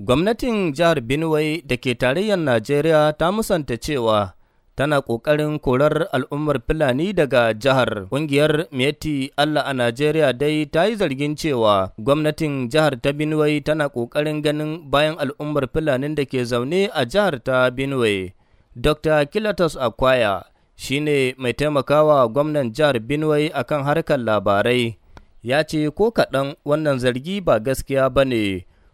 Gwamnatin jihar Benue da ke tarayyar Najeriya ta musanta cewa tana ƙoƙarin korar al'ummar Fulani daga jihar. Ƙungiyar Meti Allah a Najeriya dai ta yi zargin cewa gwamnatin jihar ta Benue tana ƙoƙarin ganin bayan al'ummar Fulanin da ke zaune a jihar ta Benue. Dr. Kilatus Akwaya shi ne mai taimakawa gwamnan jihar Benue akan harkar labarai. Ya ce ko kaɗan wannan zargi ba gaskiya ba ne.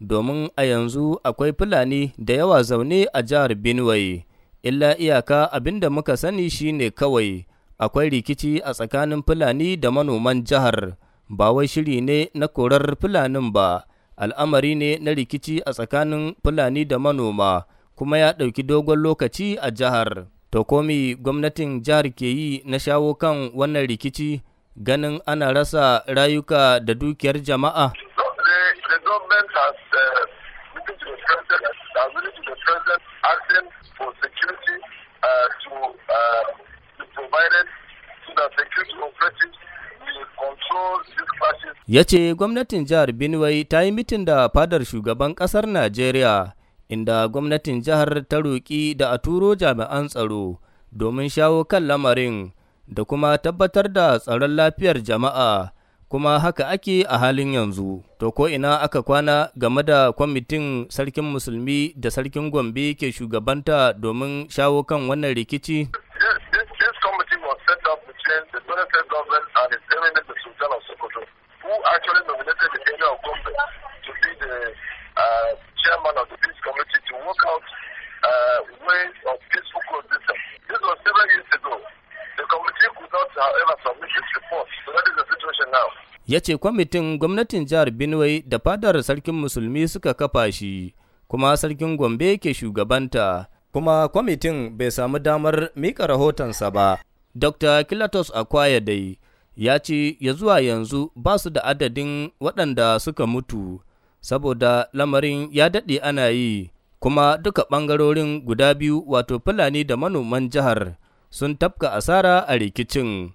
domin a yanzu akwai Fulani da yawa zaune a jihar Benue, illa iyaka abin da muka sani shi ne kawai akwai rikici a tsakanin Fulani da manoman jihar, ba wai shiri ne na korar Fulanin ba, al'amari ne na rikici a tsakanin Fulani da manoma, kuma ya ɗauki dogon lokaci a jihar. To komi gwamnatin jihar ke yi na shawo kan wannan rikici ganin ana rasa rayuka da dukiyar jama'a. government has uh, written to the president, has written to the president asking for security uh, to uh, be provided so that security operatives Ya ce gwamnatin jihar Benue ta yi mitin da fadar shugaban ƙasar Najeriya inda gwamnatin jihar ta roƙi da a turo jami'an tsaro domin shawo kan lamarin da kuma tabbatar da tsaron lafiyar jama'a kuma haka ake a halin yanzu. To ko ina aka kwana game da kwamitin sarkin musulmi da sarkin Gombe ke shugabanta domin shawo kan wannan rikici? uh, uh, ways of peaceful coexistence. This was several years ago. The committee could not, however, submit its report. So that is ya ce kwamitin gwamnatin jihar Benue da fadar sarkin musulmi suka kafa shi, kuma sarkin Gombe ke shugabanta, kuma kwamitin bai samu damar mika rahotonsa ba. Dr. Kilatos Akwaya dai ya ce ya zuwa yanzu ba su da adadin waɗanda suka mutu, saboda lamarin ya daɗe ana yi, kuma duka ɓangarorin guda biyu wato Fulani da manoman jihar sun tafka asara a rikicin.